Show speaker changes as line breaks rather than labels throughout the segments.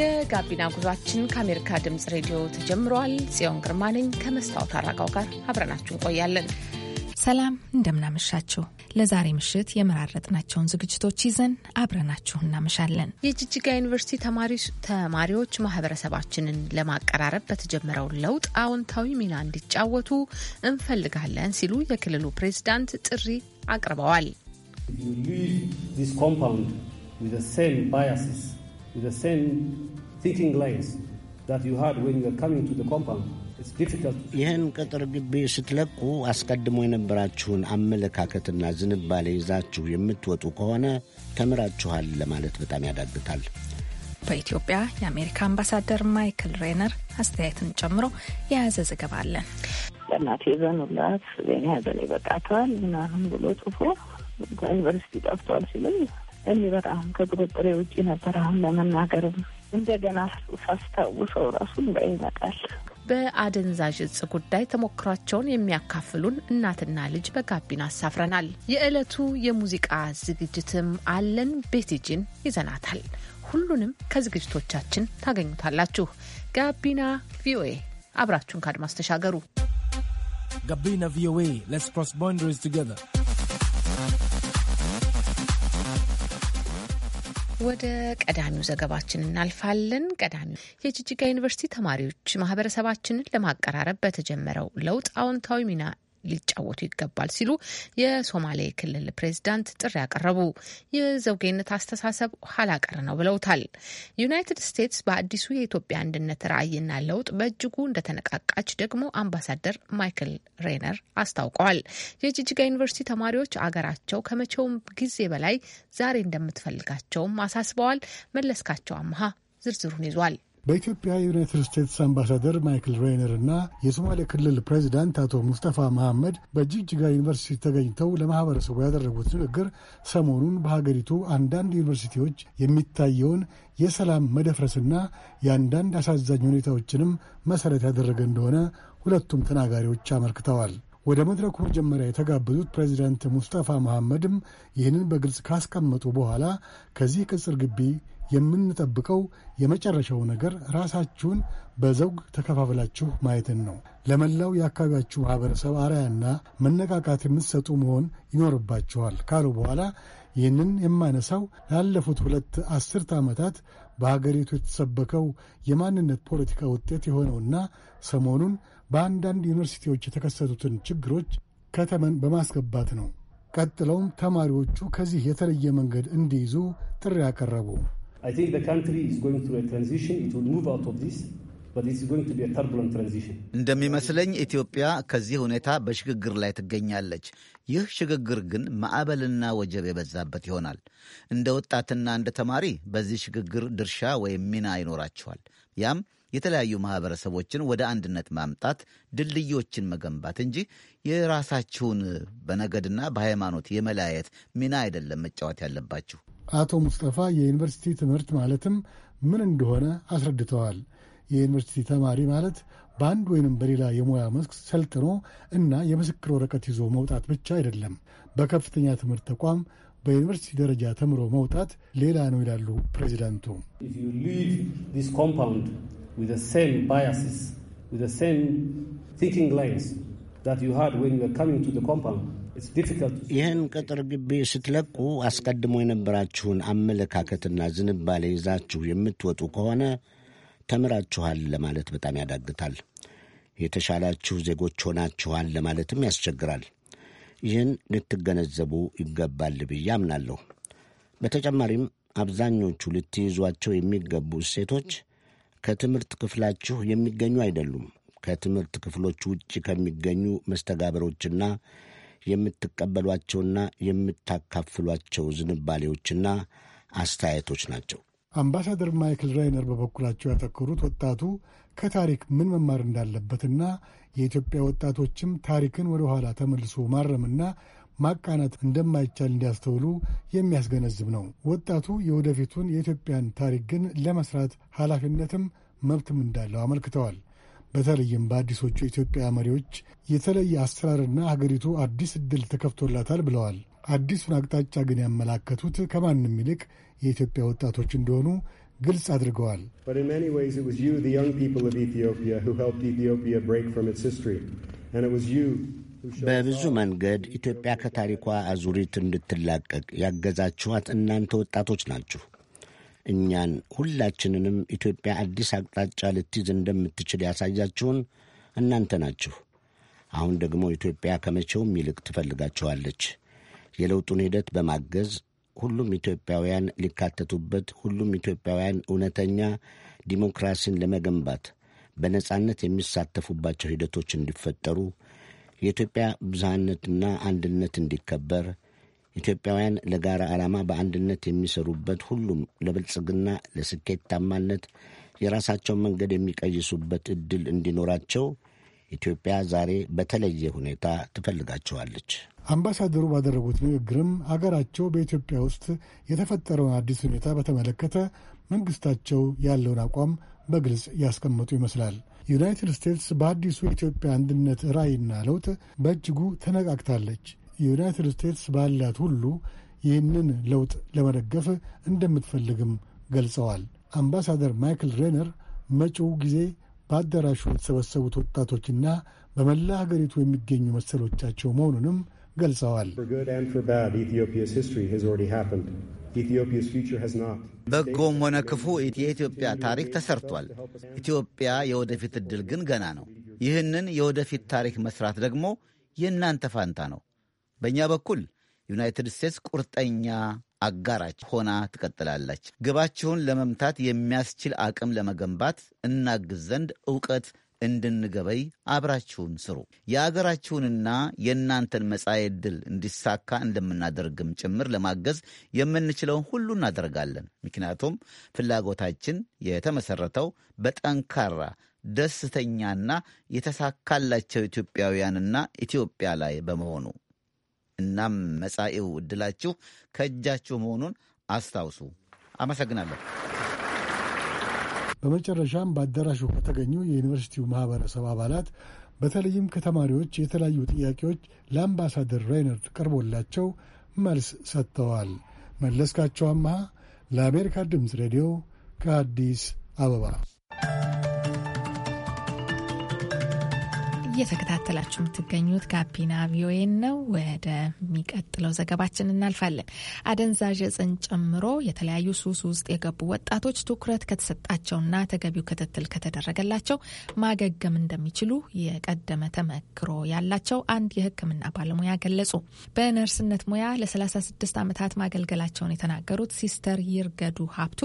የጋቢና ጉዟችን ከአሜሪካ ድምፅ ሬዲዮ ተጀምረዋል። ጽዮን ግርማ ነኝ ከመስታወት አራጋው ጋር አብረናችሁ እንቆያለን።
ሰላም እንደምናመሻችሁ። ለዛሬ ምሽት የመራረጥናቸውን ዝግጅቶች ይዘን አብረናችሁ እናመሻለን።
የጅጅጋ ዩኒቨርሲቲ ተማሪዎች ማህበረሰባችንን ለማቀራረብ በተጀመረው ለውጥ አዎንታዊ ሚና እንዲጫወቱ እንፈልጋለን ሲሉ የክልሉ ፕሬዝዳንት ጥሪ አቅርበዋል።
to the same thinking lines that you had when you were coming to the compound.
ይህን ቅጥር ግቢ ስትለቁ አስቀድሞ የነበራችሁን አመለካከትና ዝንባሌ ይዛችሁ የምትወጡ ከሆነ ተምራችኋል ለማለት በጣም ያዳግታል።
በኢትዮጵያ የአሜሪካ አምባሳደር ማይክል ሬነር አስተያየትን ጨምሮ የያዘ ዘገባ አለን።
ለእናቴ ዘኑላት ዜና ያዘን ይበቃታል ምናምን ብሎ ጽፎ በዩኒቨርሲቲ ጠፍቷል ሲልም እኔ በጣም ከቁጥጥሬ ውጭ ነበር። አሁን ለመናገርም እንደገና ሳስታውሰው ራሱ ይመጣል። በአደንዛዥ
እጽ ጉዳይ ተሞክሯቸውን የሚያካፍሉን እናትና ልጅ በጋቢና አሳፍረናል። የዕለቱ የሙዚቃ ዝግጅትም አለን። ቤቲጂን ይዘናታል። ሁሉንም ከዝግጅቶቻችን ታገኙታላችሁ። ጋቢና ቪኦኤ አብራችሁን ከአድማስ
ተሻገሩ። ጋቢና ቪኦኤ ሌትስ ክሮስ ባውንደሪስ ቱጌዘር
ወደ ቀዳሚው ዘገባችን እናልፋለን። ቀዳሚው የጅጅጋ ዩኒቨርሲቲ ተማሪዎች ማህበረሰባችንን ለማቀራረብ በተጀመረው ለውጥ አዎንታዊ ሚና ሊጫወቱ ይገባል ሲሉ የሶማሌ ክልል ፕሬዚዳንት ጥሪ ያቀረቡ የዘውጌነት አስተሳሰብ ኋላቀር ቀር ነው ብለውታል። ዩናይትድ ስቴትስ በአዲሱ የኢትዮጵያ አንድነት ራዕይና ለውጥ በእጅጉ እንደተነቃቃች ደግሞ አምባሳደር ማይክል ሬነር አስታውቀዋል። የጅጅጋ ዩኒቨርሲቲ ተማሪዎች አገራቸው ከመቼውም ጊዜ በላይ ዛሬ እንደምትፈልጋቸውም አሳስበዋል። መለስካቸው አምሃ ዝርዝሩን ይዟል።
በኢትዮጵያ የዩናይትድ ስቴትስ አምባሳደር ማይክል ሬይነር እና የሶማሌ ክልል ፕሬዚዳንት አቶ ሙስጠፋ መሐመድ በጅግጅጋ ዩኒቨርሲቲ ተገኝተው ለማህበረሰቡ ያደረጉት ንግግር ሰሞኑን በሀገሪቱ አንዳንድ ዩኒቨርሲቲዎች የሚታየውን የሰላም መደፍረስና የአንዳንድ አሳዛኝ ሁኔታዎችንም መሠረት ያደረገ እንደሆነ ሁለቱም ተናጋሪዎች አመልክተዋል። ወደ መድረኩ መጀመሪያ የተጋበዙት ፕሬዚዳንት ሙስጠፋ መሐመድም ይህንን በግልጽ ካስቀመጡ በኋላ ከዚህ ቅጽር ግቢ የምንጠብቀው የመጨረሻው ነገር ራሳችሁን በዘውግ ተከፋፍላችሁ ማየትን ነው። ለመላው የአካባቢያችሁ ማህበረሰብ አርያና መነቃቃት የምትሰጡ መሆን ይኖርባችኋል ካሉ በኋላ ይህንን የማነሳው ላለፉት ሁለት አስርተ ዓመታት በሀገሪቱ የተሰበከው የማንነት ፖለቲካ ውጤት የሆነውና ሰሞኑን በአንዳንድ ዩኒቨርሲቲዎች የተከሰቱትን ችግሮች ከተመን በማስገባት ነው። ቀጥለውም ተማሪዎቹ ከዚህ የተለየ መንገድ እንዲይዙ ጥሪ ያቀረቡ
I think the country is going through a transition. It will move out of this.
እንደሚመስለኝ ኢትዮጵያ ከዚህ ሁኔታ በሽግግር ላይ ትገኛለች። ይህ ሽግግር ግን ማዕበልና ወጀብ የበዛበት ይሆናል። እንደ ወጣትና እንደ ተማሪ በዚህ ሽግግር ድርሻ ወይም ሚና ይኖራቸዋል። ያም የተለያዩ ማህበረሰቦችን ወደ አንድነት ማምጣት፣ ድልድዮችን መገንባት እንጂ የራሳችሁን በነገድና በሃይማኖት የመለያየት ሚና አይደለም መጫወት ያለባችሁ።
አቶ ሙስጠፋ የዩኒቨርሲቲ ትምህርት ማለትም ምን እንደሆነ አስረድተዋል። የዩኒቨርሲቲ ተማሪ ማለት በአንድ ወይንም በሌላ የሙያ መስክ ሰልጥኖ እና የምስክር ወረቀት ይዞ መውጣት ብቻ አይደለም። በከፍተኛ ትምህርት ተቋም በዩኒቨርሲቲ ደረጃ ተምሮ መውጣት ሌላ ነው ይላሉ ፕሬዚዳንቱ።
ሪድ
ይህን ቅጥር ግቢ ስትለቁ አስቀድሞ የነበራችሁን አመለካከትና ዝንባሌ ይዛችሁ የምትወጡ ከሆነ ተምራችኋል ለማለት በጣም ያዳግታል። የተሻላችሁ ዜጎች ሆናችኋል ለማለትም ያስቸግራል። ይህን ልትገነዘቡ ይገባል ብዬ አምናለሁ። በተጨማሪም አብዛኞቹ ልትይዟቸው የሚገቡ እሴቶች ከትምህርት ክፍላችሁ የሚገኙ አይደሉም። ከትምህርት ክፍሎች ውጭ ከሚገኙ መስተጋበሮችና የምትቀበሏቸውና የምታካፍሏቸው ዝንባሌዎችና አስተያየቶች ናቸው። አምባሳደር
ማይክል ራይነር በበኩላቸው ያተኮሩት ወጣቱ ከታሪክ ምን መማር እንዳለበትና የኢትዮጵያ ወጣቶችም ታሪክን ወደ ኋላ ተመልሶ ማረምና ማቃናት እንደማይቻል እንዲያስተውሉ የሚያስገነዝብ ነው። ወጣቱ የወደፊቱን የኢትዮጵያን ታሪክ ግን ለመስራት ኃላፊነትም መብትም እንዳለው አመልክተዋል። በተለይም በአዲሶቹ ኢትዮጵያ መሪዎች የተለየ አሰራርና ሀገሪቱ አዲስ እድል ተከፍቶላታል ብለዋል። አዲሱን አቅጣጫ ግን ያመላከቱት ከማንም ይልቅ የኢትዮጵያ ወጣቶች እንደሆኑ ግልጽ አድርገዋል።
በብዙ መንገድ ኢትዮጵያ ከታሪኳ አዙሪት እንድትላቀቅ ያገዛችኋት እናንተ ወጣቶች ናችሁ። እኛን ሁላችንንም ኢትዮጵያ አዲስ አቅጣጫ ልትይዝ እንደምትችል ያሳያችሁን እናንተ ናችሁ። አሁን ደግሞ ኢትዮጵያ ከመቼውም ይልቅ ትፈልጋችኋለች። የለውጡን ሂደት በማገዝ ሁሉም ኢትዮጵያውያን ሊካተቱበት፣ ሁሉም ኢትዮጵያውያን እውነተኛ ዲሞክራሲን ለመገንባት በነጻነት የሚሳተፉባቸው ሂደቶች እንዲፈጠሩ፣ የኢትዮጵያ ብዝሃነትና አንድነት እንዲከበር ኢትዮጵያውያን ለጋራ ዓላማ በአንድነት የሚሰሩበት ሁሉም ለብልጽግና ለስኬታማነት የራሳቸውን መንገድ የሚቀይሱበት እድል እንዲኖራቸው ኢትዮጵያ ዛሬ በተለየ ሁኔታ ትፈልጋቸዋለች።
አምባሳደሩ ባደረጉት ንግግርም አገራቸው በኢትዮጵያ ውስጥ የተፈጠረውን አዲስ ሁኔታ በተመለከተ መንግስታቸው ያለውን አቋም በግልጽ ያስቀመጡ ይመስላል። ዩናይትድ ስቴትስ በአዲሱ የኢትዮጵያ አንድነት ራዕይና ለውጥ በእጅጉ ተነቃቅታለች። የዩናይትድ ስቴትስ ባላት ሁሉ ይህንን ለውጥ ለመደገፍ እንደምትፈልግም ገልጸዋል። አምባሳደር ማይክል ሬነር መጪው ጊዜ በአዳራሹ የተሰበሰቡት ወጣቶችና በመላ ሀገሪቱ የሚገኙ መሰሎቻቸው መሆኑንም ገልጸዋል።
በጎም ሆነ ክፉ የኢትዮጵያ ታሪክ ተሰርቷል። ኢትዮጵያ የወደፊት ዕድል ግን ገና ነው። ይህንን የወደፊት ታሪክ መስራት ደግሞ የእናንተ ፋንታ ነው። በእኛ በኩል ዩናይትድ ስቴትስ ቁርጠኛ አጋራች ሆና ትቀጥላለች። ግባችሁን ለመምታት የሚያስችል አቅም ለመገንባት እናግዝ ዘንድ እውቀት እንድንገበይ አብራችሁን ስሩ። የአገራችሁንና የእናንተን መጻኤ ዕድል እንዲሳካ እንደምናደርግም ጭምር ለማገዝ የምንችለውን ሁሉ እናደርጋለን። ምክንያቱም ፍላጎታችን የተመሠረተው በጠንካራ ደስተኛና የተሳካላቸው ኢትዮጵያውያንና ኢትዮጵያ ላይ በመሆኑ እናም መጻኢው ዕድላችሁ ከእጃችሁ መሆኑን አስታውሱ። አመሰግናለሁ።
በመጨረሻም በአዳራሹ ከተገኙ የዩኒቨርሲቲው ማህበረሰብ አባላት በተለይም ከተማሪዎች የተለያዩ ጥያቄዎች ለአምባሳደር ራይነርድ ቀርቦላቸው መልስ ሰጥተዋል። መለስካቸው አምሃ ለአሜሪካ ድምፅ ሬዲዮ ከአዲስ አበባ
እየተከታተላችሁ የምትገኙት ጋቢና ቪኦኤን ነው። ወደሚቀጥለው ዘገባችን እናልፋለን። አደንዛዥ እጽን ጨምሮ የተለያዩ ሱስ ውስጥ የገቡ ወጣቶች ትኩረት ከተሰጣቸውና ተገቢው ክትትል ከተደረገላቸው ማገገም እንደሚችሉ የቀደመ ተመክሮ ያላቸው አንድ የሕክምና ባለሙያ ገለጹ። በነርስነት ሙያ ለ36 ዓመታት ማገልገላቸውን የተናገሩት ሲስተር ይርገዱ ሀብቱ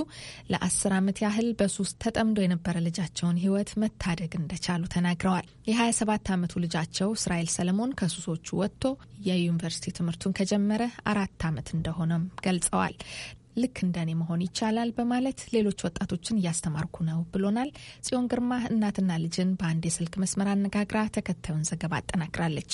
ለ10 ዓመት ያህል በሱስ ተጠምዶ የነበረ ልጃቸውን ሕይወት መታደግ እንደቻሉ ተናግረዋል። የ27 የሁለት ዓመቱ ልጃቸው እስራኤል ሰለሞን ከሱሶቹ ወጥቶ የዩኒቨርሲቲ ትምህርቱን ከጀመረ አራት ዓመት እንደሆነም ገልጸዋል። ልክ እንደኔ መሆን ይቻላል በማለት ሌሎች ወጣቶችን እያስተማርኩ ነው ብሎናል። ጽዮን ግርማ እናትና ልጅን በአንድ የስልክ መስመር አነጋግራ ተከታዩን ዘገባ አጠናቅራለች።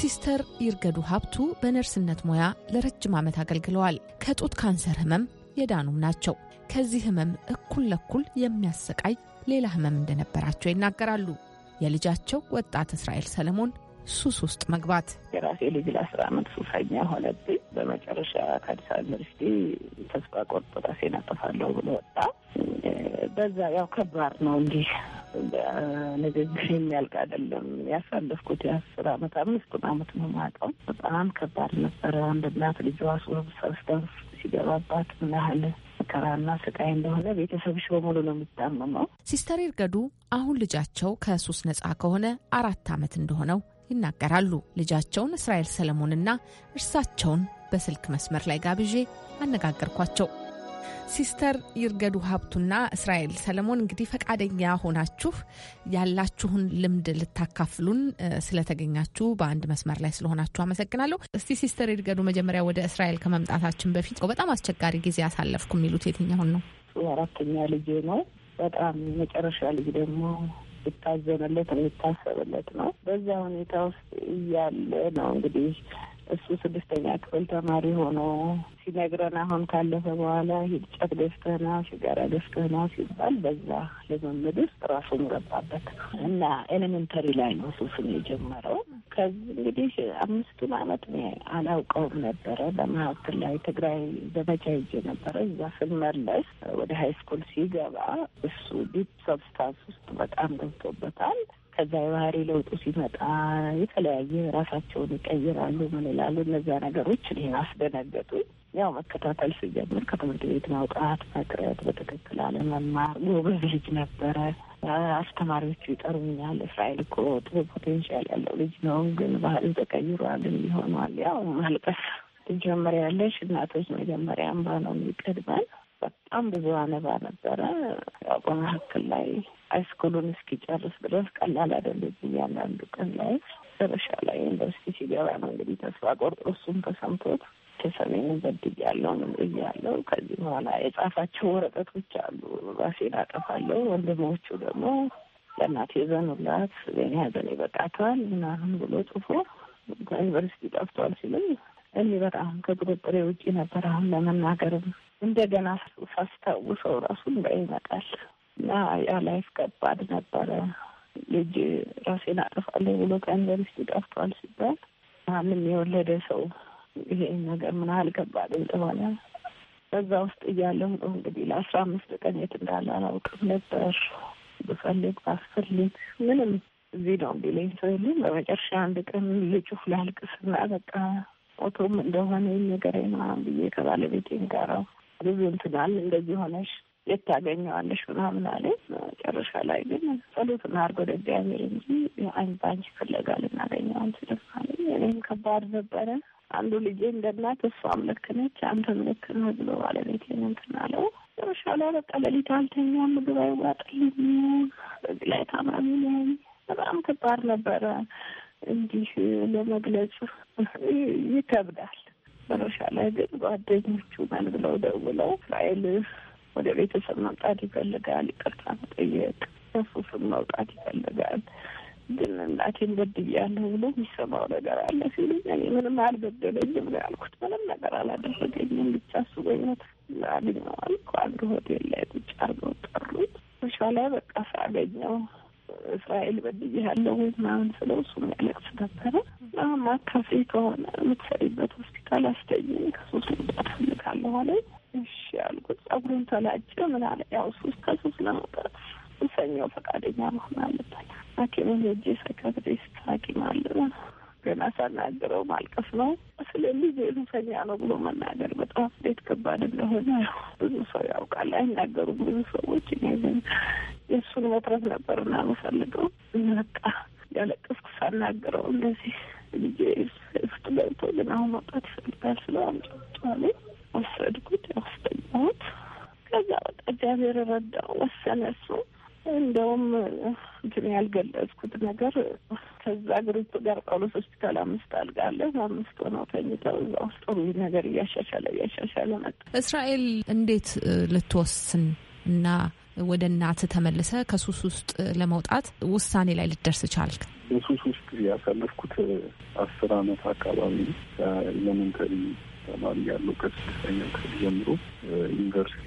ሲስተር ይርገዱ ሀብቱ በነርስነት ሙያ ለረጅም ዓመት አገልግለዋል። ከጡት ካንሰር ህመም የዳኑም ናቸው። ከዚህ ህመም እኩል ለኩል የሚያሰቃይ ሌላ ህመም እንደነበራቸው ይናገራሉ። የልጃቸው ወጣት እስራኤል ሰለሞን ሱስ ውስጥ
መግባት የራሴ ልጅ ለአስራ አመት ሱሰኛ ሆነብኝ። በመጨረሻ ከአዲስ አበባ ዩኒቨርሲቲ ተስፋ ቆርጦ ራሴን አጠፋለሁ ብሎ ወጣ። በዛ ያው ከባድ ነው እንዲህ በንግግር የሚያልቅ አይደለም። ያሳለፍኩት የአስር አመት አምስቱን አመት ነው የማውቀው። በጣም ከባድ ነበረ። አንድ እናት ልጇ ሰብስተንስ ሲገባባት ምን ያህል መከራና ስቃይ እንደሆነ ቤተሰብሽ በሙሉ ነው የሚታመመው። ሲስተር
ይርገዱ አሁን ልጃቸው ከሱስ ነጻ ከሆነ አራት አመት እንደሆነው ይናገራሉ። ልጃቸውን እስራኤል ሰለሞንና እርሳቸውን በስልክ መስመር ላይ ጋብዤ አነጋገርኳቸው። ሲስተር ይርገዱ ሀብቱና እስራኤል ሰለሞን እንግዲህ ፈቃደኛ ሆናችሁ ያላችሁን ልምድ ልታካፍሉን ስለተገኛችሁ በአንድ መስመር ላይ ስለሆናችሁ አመሰግናለሁ። እስቲ ሲስተር ይርገዱ መጀመሪያ ወደ እስራኤል ከመምጣታችን በፊት በጣም አስቸጋሪ ጊዜ አሳለፍኩ የሚሉት የትኛውን ነው?
አራተኛ ልጅ ነው። በጣም መጨረሻ ልጅ ደግሞ ይታዘንለት የሚታሰብለት ነው። በዛ ሁኔታ ውስጥ እያለ ነው እንግዲህ እሱ ስድስተኛ ክፍል ተማሪ ሆኖ ሲነግረን አሁን ካለፈ በኋላ ሂጨት ገዝተህና ሲጋራ ገዝተህና ሲባል በዛ ልምምድ ውስጥ ራሱን ገባበት እና ኤሌመንተሪ ላይ ነው ሱስን የጀመረው። ከዚህ እንግዲህ አምስቱን አመት እኔ አላውቀውም ነበረ። በመሀከል ላይ ትግራይ ዘመቻ ይዤ ነበረ። እዛ ስመለስ ወደ ሀይ ስኩል ሲገባ እሱ ዲፕ ሰብስታንስ ውስጥ በጣም ገብቶበታል። ከዛ የባህሪ ለውጡ ሲመጣ የተለያየ ራሳቸውን ይቀይራሉ። ምን ይላሉ? እነዚያ ነገሮች እኔን አስደነገጡኝ። ያው መከታተል ስጀምር ከትምህርት ቤት መውጣት፣ መቅረት፣ በትክክል አለመማር። ጎበዝ ልጅ ነበረ። አስተማሪዎቹ ይጠሩኛል። እስራኤል እኮ ጥሩ ፖቴንሻል ያለው ልጅ ነው፣ ግን ባህሪው ተቀይሯል ሊሆኗል። ያው ማልቀስ ትጀምሪያለሽ ያለሽ እናቶች መጀመሪያ እንባ ነው የሚቀድመን። በጣም ብዙ አነባ ነበረ ያው በመካከል ላይ ሃይስኩሉን እስኪጨርስ ድረስ ቀላል አይደለብኝ። አንዳንዱ ቀን ላይ መጨረሻ ላይ ዩኒቨርሲቲ ሲገባ ነው እንግዲህ ተስፋ ቆርጦ እሱም ተሰምቶት በድግ ያለው ምን ያለው ከዚህ በኋላ የጻፋቸው ወረቀቶች አሉ ራሴን አጠፋለሁ። ወንድሞቹ ደግሞ ለእናቴ ዘኑላት ዜኔ ሀዘን ይበቃተዋል ምናምን ብሎ ጽፎ ከዩኒቨርሲቲ ጠፍቷል ሲልም እኔ በጣም ከቁጥጥሬ ውጪ ነበር። አሁን ለመናገርም እንደገና ሳስታውሰው ራሱ እንባ ይመጣል። እና ያ ላይፍ ከባድ ነበረ። ልጅ ራሴን አጠፋለሁ ብሎ ከዩኒቨርሲቲ ጠፍቷል ሲባል ማንም የወለደ ሰው ይሄ ነገር ምን ያህል ከባድ እንደሆነ በዛ ውስጥ እያለሁ ነው እንግዲህ ለአስራ አምስት ቀን የት እንዳለ አላውቅም ነበር። ብፈልግ ባስፈልግ ምንም እዚህ ነው ቢለኝ ሰው የለም። በመጨረሻ አንድ ቀን ልጩፍ ላልቅስና በቃ ሞቶም እንደሆነ ነገር ምናምን ብዬ ከባለቤቴን ጋራ ብዙ እንትናል እንደዚህ ሆነሽ የት ታገኘዋለሽ ምናምን አለ። መጨረሻ ላይ ግን ጸሎት እናድርግ ወደ እግዚአብሔር እንጂ አይን ባንቺ ፍለጋ ልናገኘው አንችልም አለ። እኔም ከባድ ነበረ። አንዱ ልጄ እንደ እናት እሷም ልክ ነች፣ አንተም ልክ ነህ ብሎ ባለቤት እንትን አለው። መጨረሻ ላይ በቃ ሌሊት አልተኛም፣ ምግብ አይዋጥልኝም፣ በዚህ ላይ ታማሚ ነኝ። በጣም ከባድ ነበረ። እንዲህ ለመግለጽ ይከብዳል። መጨረሻ ላይ ግን ጓደኞቹ ማን ብለው ደውለው እስራኤል ወደ ቤተሰብ መምጣት ይፈልጋል። ይቅርታ መጠየቅ፣ ከሱስም መውጣት ይፈልጋል። ግን እናቴን በድያለሁ ብሎ የሚሰማው ነገር አለ ሲሉኝ እኔ ምንም አልበደለኝም ነው ያልኩት። ምንም ነገር አላደረገኝም። ብቻ እሱ በሕይወት አግኘዋል። አልኩ። አንድ ሆቴል ላይ ቁጭ አርገው ጠሩት። መሻ ላይ በቃ ሳገኘው እስራኤል በድያለሁ ወይ ምናምን ስለው እሱም ያለቅስ ነበረ። ማካፌ ከሆነ የምትሰሪበት ሆስፒታል አስተኝኝ ከሶስት ልጣት ፈልጋለሁ አለኝ። እሺ ያልኩት ጸጉሩን ተላጨ ምናለ ያው ሶስት ከሶስት ለመውጣት ሱሰኛው ፈቃደኛ መሆን አለበት። ሐኪምን ሄጄ ሳይካትሪስት ሐኪም አለ ገና ሳናግረው ማልቀስ ነው። ስለዚህ ሱሰኛ ነው ብሎ መናገር በጣም እንዴት ከባድ እንደሆነ ብዙ ሰው ያውቃል። አይናገሩም ብዙ ሰዎች። እኔ ግን የእሱን መትረፍ ነበር እና ምፈልገው በቃ ያለቀስኩ ሳናገረው እንደዚህ ልጄ ውስጥ ገብቶ ግን አሁን መውጣት ይፈልጋል ስለ አምጫ አምጫጫለ የተረዳው መሰለ እሱ እንደውም እንትን ያልገለጽኩት ነገር ከዛ ግሩፕ ጋር ጳውሎስ ሆስፒታል አምስት አልጋ አለ። አምስት ሆነው ተኝተው እዛ ውስጥ ነገር እያሻሻለ እያሻሻለ መጣ።
እስራኤል እንዴት ልትወስን እና ወደ እናት ተመልሰ ከሱስ ውስጥ ለመውጣት ውሳኔ ላይ ልደርስ ቻልክ?
በሱስ ውስጥ ያሳለፍኩት አስር አመት አካባቢ ኤሌመንተሪ ተማሪ ያለው ከስድስተኛ ክፍል ጀምሮ ዩኒቨርሲቲ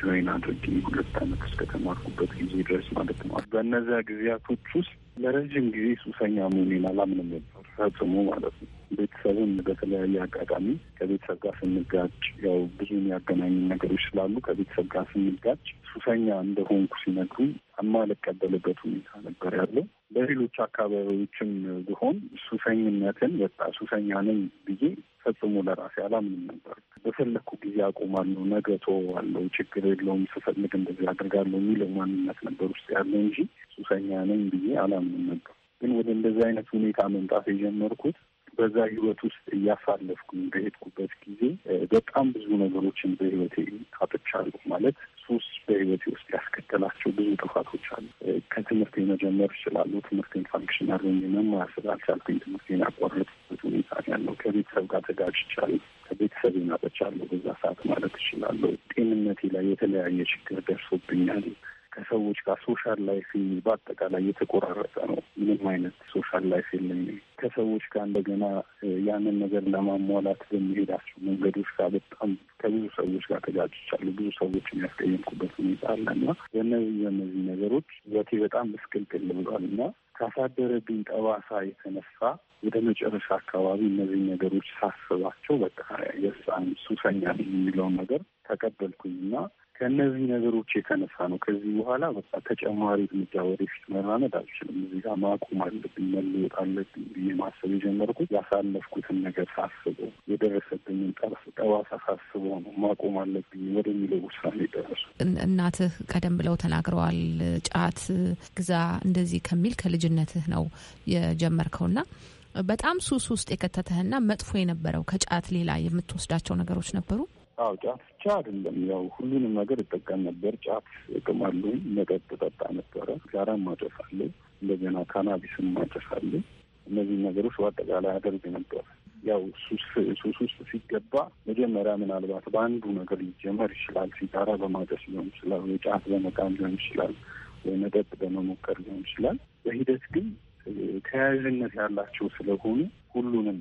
ጆይን አድርጌ ሁለት አመት እስከተማርኩበት ጊዜ ድረስ ማለት ነው። በእነዚያ ጊዜያቶች ውስጥ ለረዥም ጊዜ ሱሰኛ መሆኔን አላምንም ነበር ፈጽሞ ማለት ነው። ቤተሰብን በተለያየ አጋጣሚ ከቤተሰብ ጋር ስንጋጭ ያው ብዙ የሚያገናኙ ነገሮች ስላሉ ከቤተሰብ ጋር ስንጋጭ ሱሰኛ እንደሆንኩ ሲነግሩኝ የማልቀበልበት ሁኔታ ነበር ያለው። በሌሎች አካባቢዎችም ቢሆን ሱሰኝነትን በቃ ሱሰኛ ነኝ ብዬ ፈጽሞ ለራሴ አላምንም ነበር። በፈለግኩ ጊዜ አቆማለሁ፣ ነገ እተወዋለሁ፣ ችግር የለውም፣ ስፈልግ እንደዚህ አድርጋለሁ የሚለው ማንነት ነበር ውስጥ ያለ እንጂ ሱሰኛ ነኝ ብዬ አላምንም ነበር። ግን ወደ እንደዚህ አይነት ሁኔታ መምጣት የጀመርኩት በዛ ህይወት ውስጥ እያሳለፍኩኝ በሄድኩበት ጊዜ በጣም ብዙ ነገሮችን በህይወቴ አጥቻለሁ። ማለት ሱስ በህይወቴ ውስጥ ያስከተላቸው ብዙ ጥፋቶች አሉ። ከትምህርቴ መጀመር ይችላሉ። ትምህርቴን ፋንክሽን አድርጌ መማር ስላልቻልኩኝ ትምህርቴን ያቋረጥኩበት ሁኔታ ያለው። ከቤተሰብ ጋር ተጋጭቻለሁ። ከቤተሰብ ናጠቻለሁ። በዛ ሰዓት ማለት እችላለሁ። ጤንነቴ ላይ የተለያየ ችግር ደርሶብኛል። ከሰዎች ጋር ሶሻል ላይፍ በአጠቃላይ የተቆራረጠ ነው። ምንም አይነት ሶሻል ላይፍ የለኝም። ከሰዎች ጋር እንደገና ያንን ነገር ለማሟላት በሚሄዳቸው መንገዶች ጋር በጣም ከብዙ ሰዎች ጋር ተጋጭቻለሁ። ብዙ ሰዎች የሚያስቀየምኩበት ሁኔታ አለ እና በእነዚህ በእነዚህ ነገሮች ሕይወቴ በጣም ምስቅልቅል ብሏል እና ካሳደረብኝ ጠባሳ የተነሳ ወደ መጨረሻ አካባቢ እነዚህ ነገሮች ሳስባቸው በቃ የሳን ሱሰኛ የሚለውን ነገር ተቀበልኩኝና ከእነዚህ ነገሮች የተነሳ ነው ከዚህ በኋላ በቃ ተጨማሪ እርምጃ ወደፊት መራመድ አልችልም፣ እዚህ ጋር ማቆም አለብኝ፣ መለወጥ አለብኝ ብዬ ማሰብ የጀመርኩት ያሳለፍኩትን ነገር ሳስበው የደረሰብኝን ጠባሳ ሳስበው ነው ማቆም አለብኝ ወደሚለው ውሳኔ ደረሱ።
እናትህ ቀደም ብለው ተናግረዋል። ጫት ግዛ እንደዚህ ከሚል ከልጅነትህ ነው የጀመርከውና በጣም ሱስ ውስጥ የከተተህና መጥፎ የነበረው ከጫት ሌላ የምትወስዳቸው ነገሮች ነበሩ?
አዎ ጫት ብቻ አይደለም፣ ያው ሁሉንም ነገር እጠቀም ነበር። ጫት እቅማለሁ፣ መጠጥ ጠጣ ነበረ፣ ጋራም ማጨሳለሁ፣ እንደገና ካናቢስም ማጨሳለሁ። እነዚህ ነገሮች በአጠቃላይ አደርግ ነበር። ያው ሱስ ውስጥ ሲገባ መጀመሪያ ምናልባት በአንዱ ነገር ሊጀመር ይችላል። ሲጋራ በማጨስ ሊሆን ይችላል፣ ወይ ጫት በመቃም ሊሆን ይችላል፣ ወይ መጠጥ በመሞከር ሊሆን ይችላል። በሂደት ግን ተያያዥነት ያላቸው ስለሆኑ ሁሉንም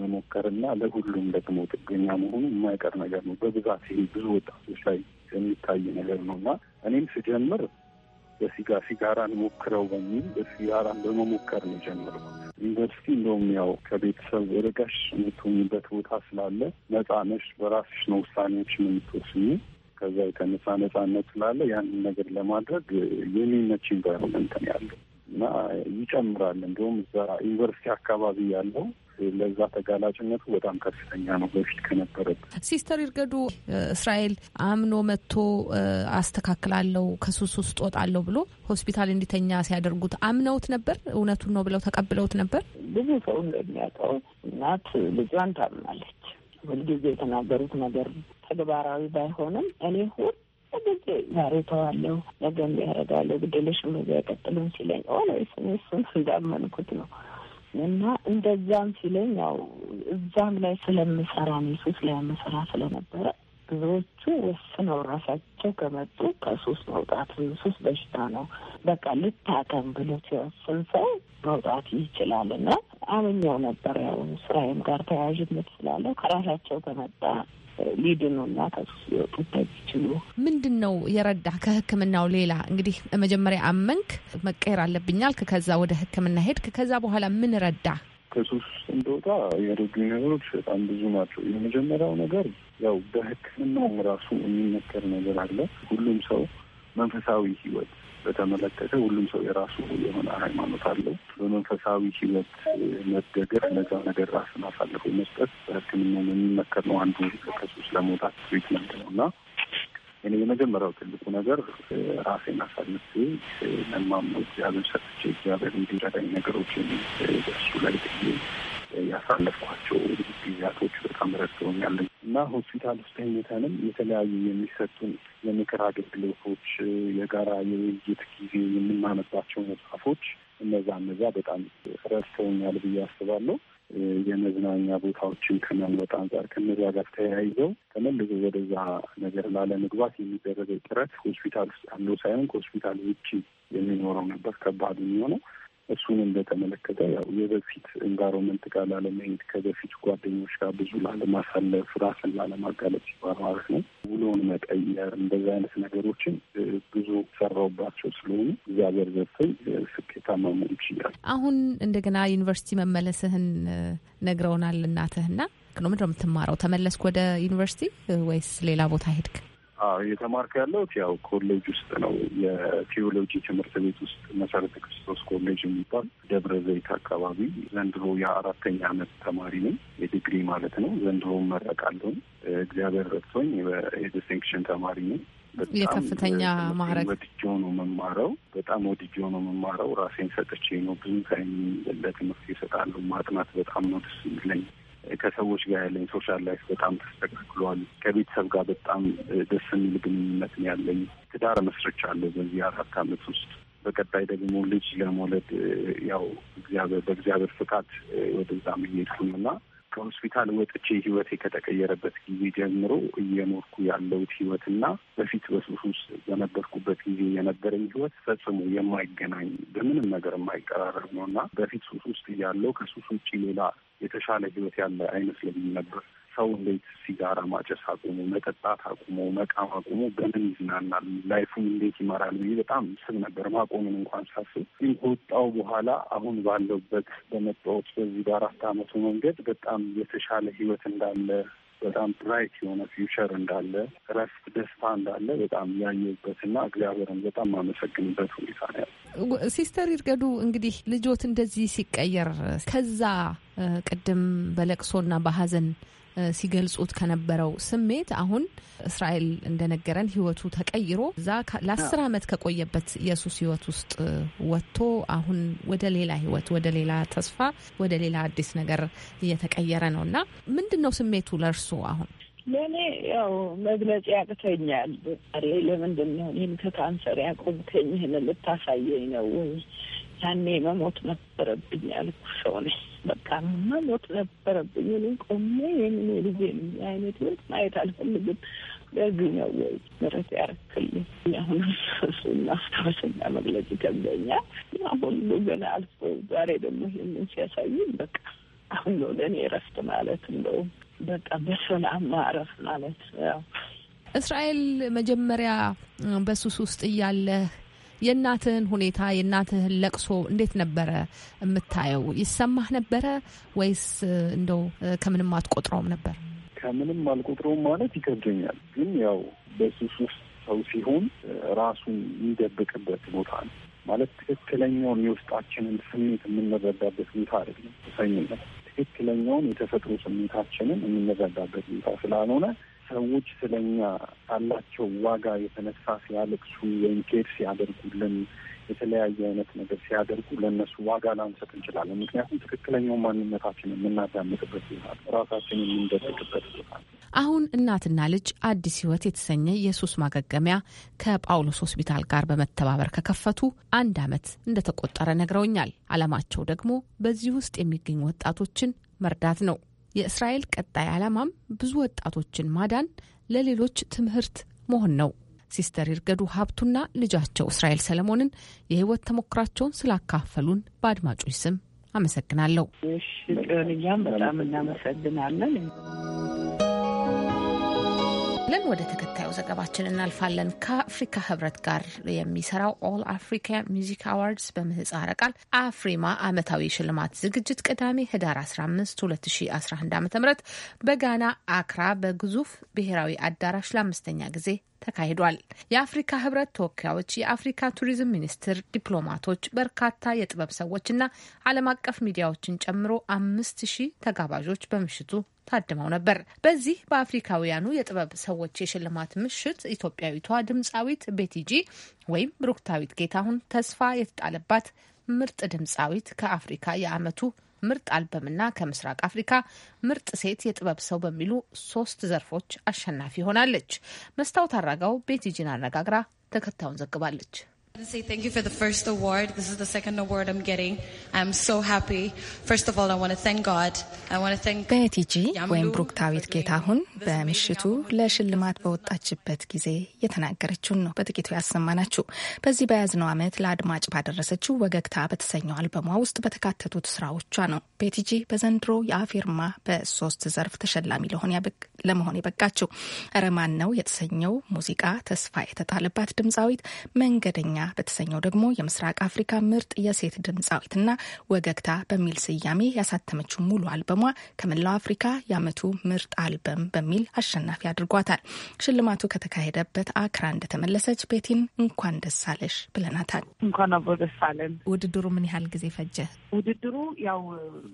መሞከርና ለሁሉም ደግሞ ጥገኛ መሆኑ የማይቀር ነገር ነው። በብዛት ይሄ ብዙ ወጣቶች ላይ የሚታይ ነገር ነው እና እኔም ስጀምር በሲጋ ሲጋራን ሞክረው በሚል በሲጋራን በመሞከር ነው ጀምረው ዩኒቨርሲቲ እንደውም ያው ከቤተሰብ ርቀሽ የምትሆኝበት ቦታ ስላለ ነፃ ነሽ፣ በራስሽ ነው ውሳኔዎችን የምትወስኙ። ከዛ የተነሳ ነፃነት ስላለ ያንን ነገር ለማድረግ የሚመች ኢንቫይሮመንት ነው ያለው። እና ይጨምራል። እንዲሁም እዛ ዩኒቨርሲቲ አካባቢ ያለው ለዛ ተጋላጭነቱ በጣም ከፍተኛ ነው በፊት ከነበረበት።
ሲስተር ይርገዱ እስራኤል አምኖ መጥቶ አስተካክላለሁ ከሱስ ውስጥ ወጣለሁ ብሎ ሆስፒታል እንዲተኛ ሲያደርጉት አምነውት ነበር። እውነቱን ነው ብለው ተቀብለውት ነበር።
ብዙ ሰው እንደሚያውቀው እናት ልጇን ታምናለች። ሁልጊዜ የተናገሩት ነገር ተግባራዊ ባይሆንም እኔ ሁል ሳደርግ ዛሬ ተዋለው ነገም ያረጋለሁ ግደለሽ ምዚ አይቀጥልም ሲለኝ ሆነ እሱን እንዳመንኩት ነው። እና እንደዛም ሲለኝ ያው እዛም ላይ ስለምሰራ ነው ሱስ ላይ መሰራ ስለነበረ ብዙዎቹ ወስነው ራሳቸው ከመጡ ከሱስ መውጣት ሱስ በሽታ ነው፣ በቃ ልታከም ብሎ ሲወስን ሰው መውጣት ይችላል። እና አምኛው ነበር ያው ስራዬም ጋር ተያያዥነት ስላለው ከራሳቸው ከመጣ እና ከሱ ሊወጡበት ይችሉ።
ምንድን ነው የረዳ? ከህክምናው ሌላ እንግዲህ መጀመሪያ አመንክ፣ መቀየር አለብኛል፣ ከዛ ወደ ህክምና ሄድክ። ከዛ በኋላ ምን ረዳ?
ከሱስ
እንደወጣ የረዱ ነገሮች በጣም ብዙ ናቸው። የመጀመሪያው ነገር ያው በህክምናው ራሱ የሚነገር ነገር አለ። ሁሉም ሰው መንፈሳዊ ህይወት በተመለከተ ሁሉም ሰው የራሱ የሆነ ሃይማኖት አለው። በመንፈሳዊ ህይወት መደገፍ ነዛ ነገር ራስን አሳልፎ መስጠት በህክምና የሚመከር ነው። አንዱ ከሱስ ለመውጣት ትሪትመንት ነው እና እኔ የመጀመሪያው ትልቁ ነገር ራሴን አሳልፌ ለማምኖ እግዚአብሔር ሰጥቼ እግዚአብሔር እንዲረዳኝ ነገሮችን በሱ ላይ ጥዬ ያሳለፍኳቸው ጊዜያቶች በጣም ረድተውኛል እና ሆስፒታል ውስጥ ተኝተንም የተለያዩ የሚሰጡን የምክር አገልግሎቶች፣ የጋራ የውይይት ጊዜ፣ የምናነባቸው መጽሐፎች እነዛ እነዛ በጣም ረድተውኛል ብዬ አስባለሁ። የመዝናኛ ቦታዎችን ከመምረጥ አንጻር ከነዚያ ጋር ተያይዘው ተመልሶ ወደዛ ነገር ላለመግባት የሚደረገው ጥረት ሆስፒታል ውስጥ ያለው ሳይሆን ከሆስፒታል ውጭ የሚኖረው ነበር ከባድ የሚሆነው። እሱን እንደተመለከተ ያው የበፊት ኤንቫይሮንመንት ጋር ላለመሄድ ከበፊት ጓደኞች ጋር ብዙ ላለማሳለፍ ራስን ላለማጋለጥ ሲባል ማለት ነው። ውሎን መቀየር እንደዚ አይነት ነገሮችን ብዙ ሰራውባቸው ስለሆኑ እግዚአብሔር ዘርፈኝ
ስኬታማ መሆን ይችላል። አሁን እንደገና ዩኒቨርሲቲ መመለስህን ነግረውናል እናትህና ምንድን ነው የምትማረው? ተመለስክ ወደ ዩኒቨርሲቲ ወይስ ሌላ ቦታ ሄድክ?
እየተማርክ ያለሁት ያው ኮሌጅ ውስጥ ነው። የቴዎሎጂ ትምህርት ቤት ውስጥ መሰረተ ክርስቶስ ኮሌጅ የሚባል ደብረ ዘይት አካባቢ። ዘንድሮ የአራተኛ ዓመት ተማሪ ነኝ፣ የዲግሪ ማለት ነው። ዘንድሮ መረቃለሁ። እግዚአብሔር ረድቶኝ የዲስቲንክሽን ተማሪ ነኝ። የከፍተኛ ማዕረግ ወድጆ ነው መማረው። በጣም ወድጆ ነው መማረው። ራሴን ሰጥቼ ነው ብዙ ታይም ለትምህርት ይሰጣለሁ። ማጥናት በጣም ነው ደስ የሚለኝ ከሰዎች ጋር ያለኝ ሶሻል ላይፍ በጣም ተስተካክሏል። ከቤተሰብ ጋር በጣም ደስ የሚል ግንኙነት ያለኝ፣ ትዳር መስርቻለሁ በዚህ አራት ዓመት ውስጥ። በቀጣይ ደግሞ ልጅ ለመውለድ ያው እግዚአብሔር በእግዚአብሔር ፍቃድ ወደዛ መሄድኩም እና ከሆስፒታል ወጥቼ ህይወቴ ከተቀየረበት ጊዜ ጀምሮ እየኖርኩ ያለሁት ህይወትና በፊት በሱስ ውስጥ በነበርኩበት ጊዜ የነበረኝ ህይወት ፈጽሞ የማይገናኝ በምንም ነገር የማይቀራረብ ነው እና በፊት ሱስ ውስጥ እያለሁ ከሱስ ውጭ ሌላ የተሻለ ህይወት ያለ አይመስለኝም ነበር። ሰው እንዴት ሲጋራ ማጨስ አቁሙ፣ መጠጣት አቁሙ፣ መቃም አቁሙ፣ በምን ይዝናናል፣ ላይፉን እንዴት ይመራል ብዬ በጣም ስብ ነበር። ማቆምን እንኳን ሳስብ ግን ከወጣው በኋላ አሁን ባለውበት በመጣሁት በዚህ በአራት አመቱ መንገድ በጣም የተሻለ ህይወት እንዳለ በጣም ብራይት የሆነ ፊውቸር እንዳለ እረፍት፣ ደስታ እንዳለ በጣም ያየሁበትና እግዚአብሔርን በጣም ማመሰግንበት ሁኔታ ነው።
ሲስተር ይርገዱ እንግዲህ ልጆት እንደዚህ ሲቀየር ከዛ ቅድም በለቅሶና በሀዘን ሲገልጹት ከነበረው ስሜት አሁን እስራኤል እንደነገረን ህይወቱ ተቀይሮ እዛ ለአስር አመት ከቆየበት የሱስ ህይወት ውስጥ ወጥቶ አሁን ወደ ሌላ ህይወት፣ ወደ ሌላ ተስፋ፣ ወደ ሌላ አዲስ ነገር እየተቀየረ ነው እና ምንድን ነው ስሜቱ ለእርሱ አሁን?
ለእኔ ያው መግለጽ ያቅተኛል። ለምንድን ነው ከካንሰር ያቆምከኝ ልታሳየኝ ነው ወይ ያኔ መሞት ነበረብኝ ያልኩ ሰው ነኝ። በቃ መሞት ነበረብኝ። እኔ ቆሜ የምን ልዜ አይነት ህይወት ማየት አልፈልግም። ለዚህ ነው ወይ ምረት ያርክልኝ። አሁንም እሱን ማስታወስና መግለጽ ይከብደኛል። ሁሉ ገና አልፎ ዛሬ ደግሞ ይህንን ሲያሳይም በቃ አሁን ነው ለእኔ እረፍት ማለት እንደውም በቃ በሰላም ማረፍ ማለት ያው
እስራኤል መጀመሪያ በሱስ ውስጥ እያለህ የእናትህን ሁኔታ የእናትህን ለቅሶ እንዴት ነበረ የምታየው? ይሰማህ ነበረ ወይስ እንደው ከምንም አትቆጥረውም ነበር?
ከምንም አልቆጥረውም ማለት ይከብደኛል። ግን ያው በሱስ ውስጥ ሰው ሲሆን ራሱን የሚደብቅበት ቦታ ነው ማለት ትክክለኛውን የውስጣችንን ስሜት የምንረዳበት ሁኔታ አይደለም። ሰኝነት ትክክለኛውን የተፈጥሮ ስሜታችንን የምንረዳበት ቦታ ስላልሆነ ሰዎች ስለኛ ካላቸው ዋጋ የተነሳ ሲያለቅሱ ወይም ኬር ሲያደርጉልን የተለያየ አይነት ነገር ሲያደርጉ ለእነሱ ዋጋ ላንሰጥ እንችላለን። ምክንያቱም ትክክለኛው ማንነታችን የምናዳምጥበት ቦታ ራሳችን የምንደብቅበት ቦታ።
አሁን እናትና ልጅ አዲስ ህይወት የተሰኘ የሱስ ማገገሚያ ከጳውሎስ ሆስፒታል ጋር በመተባበር ከከፈቱ አንድ ዓመት እንደተቆጠረ ነግረውኛል። አለማቸው ደግሞ በዚህ ውስጥ የሚገኙ ወጣቶችን መርዳት ነው። የእስራኤል ቀጣይ ዓላማም ብዙ ወጣቶችን ማዳን፣ ለሌሎች ትምህርት መሆን ነው። ሲስተር ይርገዱ ሀብቱና ልጃቸው እስራኤል ሰለሞንን የህይወት ተሞክራቸውን ስላካፈሉን በአድማጮች ስም አመሰግናለሁ። እሺ
በጣም እናመሰግናለን።
እናመሰግናለን። ወደ ተከታዩ ዘገባችን እናልፋለን። ከአፍሪካ ህብረት ጋር የሚሰራው ኦል አፍሪካ ሚዚክ አዋርድስ በምህፃረ ቃል አፍሪማ አመታዊ ሽልማት ዝግጅት ቅዳሜ ህዳር 15 2011 ዓ ም በጋና አክራ በግዙፍ ብሔራዊ አዳራሽ ለአምስተኛ ጊዜ ተካሂዷል። የአፍሪካ ህብረት ተወካዮች፣ የአፍሪካ ቱሪዝም ሚኒስትር፣ ዲፕሎማቶች፣ በርካታ የጥበብ ሰዎችና ዓለም አቀፍ ሚዲያዎችን ጨምሮ አምስት ሺህ ተጋባዦች በምሽቱ ታድመው ነበር። በዚህ በአፍሪካውያኑ የጥበብ ሰዎች የሽልማት ምሽት ኢትዮጵያዊቷ ድምፃዊት ቤቲጂ ወይም ብሩክታዊት ጌታሁን ተስፋ የተጣለባት ምርጥ ድምፃዊት ከአፍሪካ የአመቱ ምርጥ አልበምና ከምስራቅ አፍሪካ ምርጥ ሴት የጥበብ ሰው በሚሉ ሶስት ዘርፎች አሸናፊ ሆናለች። መስታወት አራጋው ቤቲጂን አነጋግራ ተከታዩን ዘግባለች። say thank you for the first award. This is the second award I'm getting. I'm so happy. First of all, I want to thank God.
I want to thank በቲጂ ወይም ብሩክታዊት ጌታሁን በምሽቱ ለሽልማት በወጣችበት ጊዜ የተናገረችውን ነው በጥቂቱ ያሰማናችሁ። በዚህ በያዝነው ዓመት ለአድማጭ ባደረሰችው ወገግታ በተሰኘው አልበሟ ውስጥ በተካተቱት ስራዎቿ ነው። ቤቲጂ በዘንድሮ የአፌርማ በሶስት ዘርፍ ተሸላሚ ለሆን ያበቅ ለመሆን የበቃችው። ረማን ነው የተሰኘው ሙዚቃ ተስፋ የተጣለባት ድምፃዊት፣ መንገደኛ በተሰኘው ደግሞ የምስራቅ አፍሪካ ምርጥ የሴት ድምፃዊትና ወገግታ በሚል ስያሜ ያሳተመችው ሙሉ አልበሟ ከመላው አፍሪካ የዓመቱ ምርጥ አልበም በሚል አሸናፊ አድርጓታል። ሽልማቱ ከተካሄደበት አክራ እንደተመለሰች ቤቲን እንኳን ደሳለሽ ብለናታል። እንኳን አብሮ ደሳለን። ውድድሩ ምን ያህል ጊዜ ፈጀ?
ውድድሩ ያው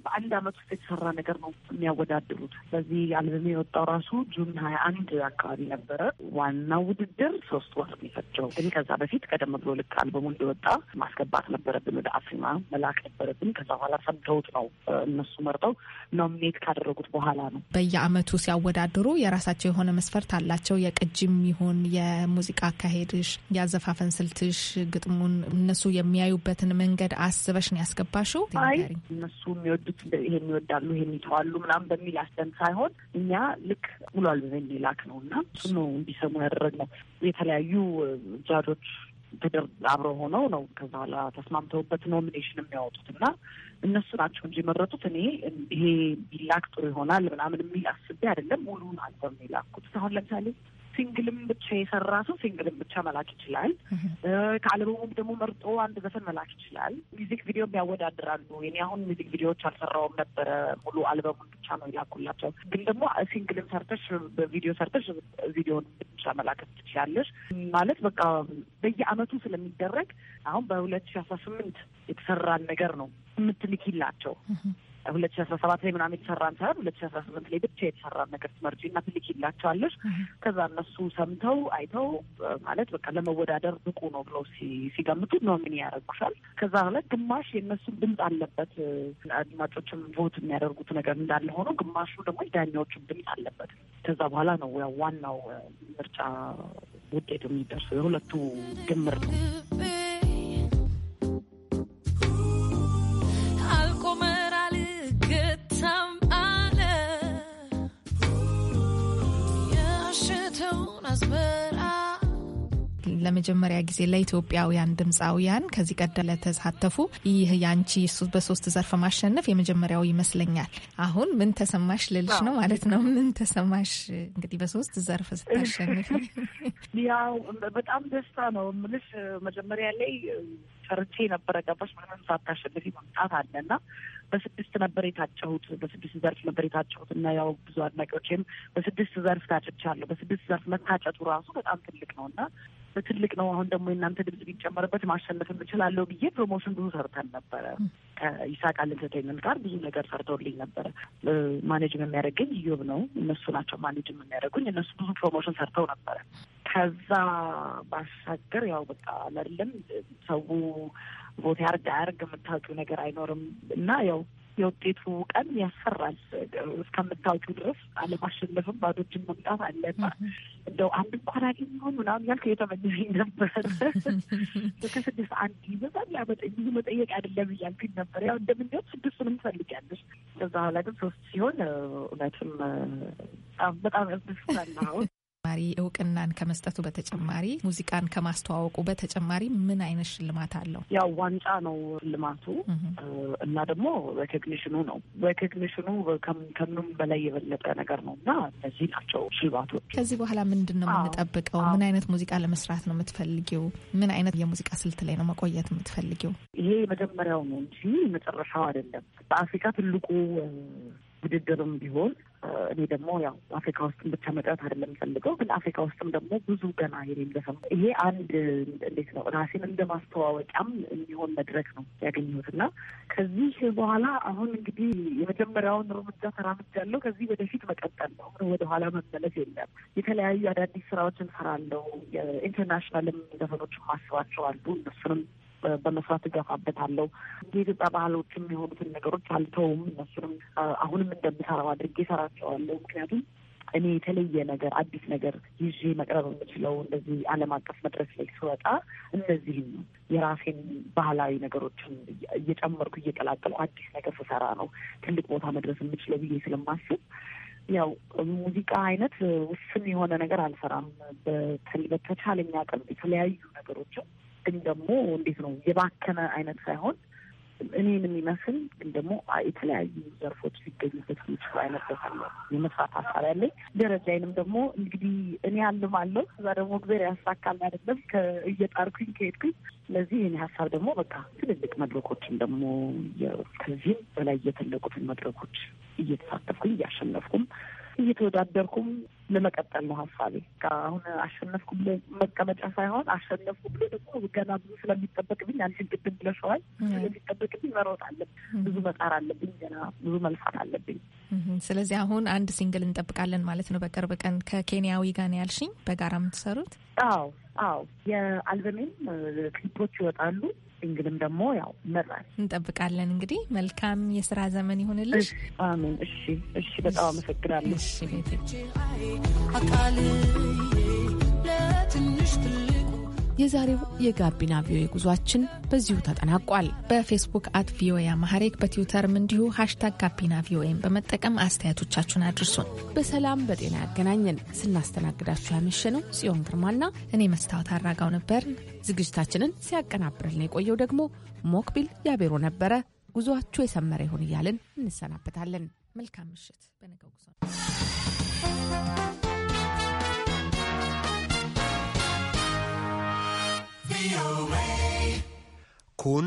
በአንድ አመት ውስጥ የተሰራ ነገር ነው የሚያወዳድሩት። በዚህ አልበሜ የወጣው ራሱ ጁን ሀያ አንድ አካባቢ ነበረ ዋናው ውድድር ሶስት ወር የሚፈጀው ግን ከዛ በፊት ቀደም ብሎ ልክ አልበሙ እንደወጣ ማስገባት ነበረብን ወደ አፍሪማ መላክ ነበረብን። ከዛ በኋላ ሰምተውት ነው እነሱ መርጠው
ኖሚኔት ካደረጉት በኋላ ነው። በየአመቱ ሲያወዳድሩ የራሳቸው የሆነ መስፈርት አላቸው። የቅጂም ይሁን የሙዚቃ አካሄድሽ፣ የአዘፋፈን ስልትሽ፣ ግጥሙን እነሱ የሚያዩበትን መንገድ አስበሽ ነው ያስገባሽው?
እነሱ የሚወዱት ይሄን ይወዳሉ ይሄን ይተዋሉ ምናምን በሚል አስደን ሳይሆን እኛ ልክ ውሏል እንዲላክ ነው እና እሱ ነው እንዲሰሙ ያደረግነው። የተለያዩ ጃጆች ትድር አብረው ሆነው ነው ከዛ በኋላ ተስማምተውበት ኖሚኔሽን የሚያወጡት እና እነሱ ናቸው እንጂ መረጡት። እኔ ይሄ ቢላክ ጥሩ ይሆናል ምናምን የሚል አስቤ አይደለም ሙሉን አልበም የላኩት። አሁን ለምሳሌ ሲንግልም ብቻ የሰራ ሰው ሲንግልም ብቻ መላክ ይችላል። ከአልበሙም ደግሞ መርጦ አንድ ዘፈን መላክ ይችላል። ሚዚክ ቪዲዮም ያወዳድራሉ። እኔ አሁን ሚዚክ ቪዲዮዎች አልሰራውም ነበረ። ሙሉ አልበሙን ብቻ ነው ይላኩላቸው። ግን ደግሞ ሲንግልም ሰርተሽ በቪዲዮ ሰርተሽ ቪዲዮን ብቻ መላክ ትችላለሽ ማለት በቃ በየአመቱ ስለሚደረግ አሁን በሁለት ሺ አስራ ስምንት የተሰራን ነገር ነው የምትልኪላቸው ሁለት ሺ አስራ ሰባት ላይ ምናምን የተሰራን ሳይሆን ሁለት ሺ አስራ ስምንት ላይ ብቻ የተሰራን ነገር ትመርጪ እና ትልክ ይላቸዋለች። ከዛ እነሱ ሰምተው አይተው ማለት በቃ ለመወዳደር ብቁ ነው ብለው ሲገምቱ ኖሚኒ ያደርጉሻል። ከዛ በኋላ ግማሽ የእነሱን ድምፅ አለበት አድማጮችም ቮት የሚያደርጉት ነገር እንዳለ ሆኖ ግማሹ ደግሞ የዳኛዎቹን ድምፅ አለበት። ከዛ በኋላ ነው ያው ዋናው ምርጫ ውጤት የሚደርሱ የሁለቱ ድምር ነው።
ለመጀመሪያ ጊዜ ለኢትዮጵያውያን ድምፃውያን ከዚህ ቀደም ለተሳተፉ ይህ የአንቺ በሶስት ዘርፍ ማሸነፍ የመጀመሪያው ይመስለኛል። አሁን ምን ተሰማሽ ልልሽ ነው ማለት ነው። ምን ተሰማሽ እንግዲህ በሶስት ዘርፍ ስታሸንፍ?
ያው በጣም ደስታ ነው የምልሽ። መጀመሪያ ላይ ፈርቼ ነበረ ገባሽ፣ ምንም ሳታሸንፊ መምጣት አለና በስድስት ነበር የታጨሁት። በስድስት ዘርፍ ነበር የታጨሁት እና ያው ብዙ አድናቂዎችም በስድስት ዘርፍ ታጭቻለሁ። በስድስት ዘርፍ መታጨቱ ራሱ በጣም ትልቅ ነው እና ትልቅ ነው። አሁን ደግሞ የእናንተ ድምጽ ቢጨመርበት ማሸነፍ የምችላለው ብዬ ፕሮሞሽን ብዙ ሰርተን ነበረ። ከይሳቃል ኢንተርቴንመንት ጋር ብዙ ነገር ሰርተውልኝ ነበረ። ማኔጅም የሚያደርገኝ እዮብ ነው። እነሱ ናቸው ማኔጅም የሚያደርጉኝ። እነሱ ብዙ ፕሮሞሽን ሰርተው ነበረ። ከዛ ባሻገር ያው በቃ አይደለም ሰው ቦታ ያርግ አያርግ የምታውቂው ነገር አይኖርም እና ያው የውጤቱ ቀን ያሰራል። እስከምታውቂው ድረስ አለማሸነፍም ባዶ እጅን መምጣት አለና እንደው አንድ እንኳን አገኘሁኝ ምናምን ያልክ የተመኘኝ ነበር። ከስድስት አንድ ይበዛል ያመጠኝ ብዙ መጠየቅ አይደለም እያልኩኝ ነበር። ያው እንደምንዲሆን ስድስቱንም ትፈልጊያለሽ። ከዛ በኋላ ግን ሶስት
ሲሆን እውነትም በጣም ያስደስታል አሁን ተጨማሪ እውቅናን ከመስጠቱ በተጨማሪ ሙዚቃን ከማስተዋወቁ በተጨማሪ ምን አይነት ሽልማት አለው?
ያው ዋንጫ ነው ሽልማቱ እና ደግሞ ሬኮግኒሽኑ ነው። ሬኮግኒሽኑ ከምንም በላይ የበለጠ ነገር ነው እና እነዚህ ናቸው ሽልማቶች።
ከዚህ በኋላ ምንድን ነው የምንጠብቀው? ምን አይነት ሙዚቃ ለመስራት ነው የምትፈልጊው? ምን አይነት የሙዚቃ ስልት ላይ ነው መቆየት የምትፈልጊው?
ይሄ መጀመሪያው ነው እንጂ መጨረሻው አይደለም። በአፍሪካ ትልቁ ውድድርም ቢሆን እኔ ደግሞ ያው አፍሪካ ውስጥም ብቻ መቅረት አይደለም ፈልገው ግን አፍሪካ ውስጥም ደግሞ ብዙ ገና የሌለ ሰው ይሄ አንድ እንዴት ነው ራሴን እንደ ማስተዋወቂያም የሚሆን መድረክ ነው ያገኘሁት እና ከዚህ በኋላ አሁን እንግዲህ የመጀመሪያውን እርምጃ ተራምጃለሁ። ከዚህ ወደፊት መቀጠል ነው፣ ወደኋላ መመለስ የለም። የተለያዩ አዳዲስ ስራዎች እንሰራለሁ። የኢንተርናሽናልም ዘፈኖች ማስባቸው አሉ እነሱንም በመስራት እገፋበታለሁ። የኢትዮጵያ ባህሎች የሚሆኑትን ነገሮች አልተውም። እነሱንም አሁንም እንደምሰራው አድርጌ ሰራቸዋለሁ። ምክንያቱም እኔ የተለየ ነገር አዲስ ነገር ይዤ መቅረብ የምችለው እንደዚህ ዓለም አቀፍ መድረክ ላይ ስወጣ እነዚህም የራሴን ባህላዊ ነገሮችን እየጨመርኩ እየቀላቀሉ አዲስ ነገር ስሰራ ነው ትልቅ ቦታ መድረስ የምችለው ብዬ ስለማስብ ያው ሙዚቃ አይነት ውስን የሆነ ነገር አልሰራም። በተቻለኝ አቅም የተለያዩ ነገሮችን ግን ደግሞ እንዴት ነው የባከነ አይነት ሳይሆን እኔን የሚመስል ግን ደግሞ የተለያዩ ዘርፎች ሊገኙበት የሚችሉ አይነት በታለ የመስራት ሀሳብ ያለኝ ደረጃዬንም ደግሞ እንግዲህ እኔ አልማለሁ እዛ ደግሞ እግዜር ያሳካል አይደለም እየጣርኩኝ ከሄድኩኝ። ስለዚህ የኔ ሀሳብ ደግሞ በቃ ትልልቅ መድረኮችን ደግሞ ከዚህም በላይ እየተለቁትን መድረኮች እየተሳተፍኩኝ እያሸነፍኩም እየተወዳደርኩም ለመቀጠል ነው ሀሳቤ። አሁን አሸነፍኩ ብሎ መቀመጫ ሳይሆን አሸነፍኩ ብሎ ደግሞ ገና ብዙ ስለሚጠበቅብኝ አንድ ግድም ብለሽዋል። ስለሚጠበቅብኝ መሮጥ አለብኝ፣ ብዙ መጣር አለብኝ፣ ገና ብዙ መልፋት አለብኝ።
ስለዚህ አሁን አንድ ሲንግል እንጠብቃለን ማለት ነው። በቅርብ ቀን ከኬንያዊ ጋር ነው ያልሽኝ በጋራ የምትሰሩት? አዎ አዎ፣ የአልበሜም ክሊፖች ይወጣሉ። ሲንግልም ደግሞ ያው መራል እንጠብቃለን። እንግዲህ መልካም የስራ ዘመን ይሆንልሽ። አሜን። እሺ፣ እሺ። በጣም
አመሰግናለሁ።
እሺ ቤቴ የዛሬው የጋቢና ቪኦኤ ጉዟችን በዚሁ ተጠናቋል። በፌስቡክ አት ቪኦኤ አማሐሬክ በትዊተርም እንዲሁ ሀሽታግ ጋቢና ቪኦኤን በመጠቀም አስተያየቶቻችሁን አድርሱን። በሰላም በጤና ያገናኘን። ስናስተናግዳችሁ ያመሸነው
ጽዮን ግርማና እኔ መስታወት አራጋው ነበር። ዝግጅታችንን ሲያቀናብርልን የቆየው ደግሞ ሞክቢል ያቤሮ ነበረ። ጉዟችሁ የሰመረ ይሁን እያልን እንሰናበታለን።
መልካም ምሽት። በነገው ጉዞ
VOA.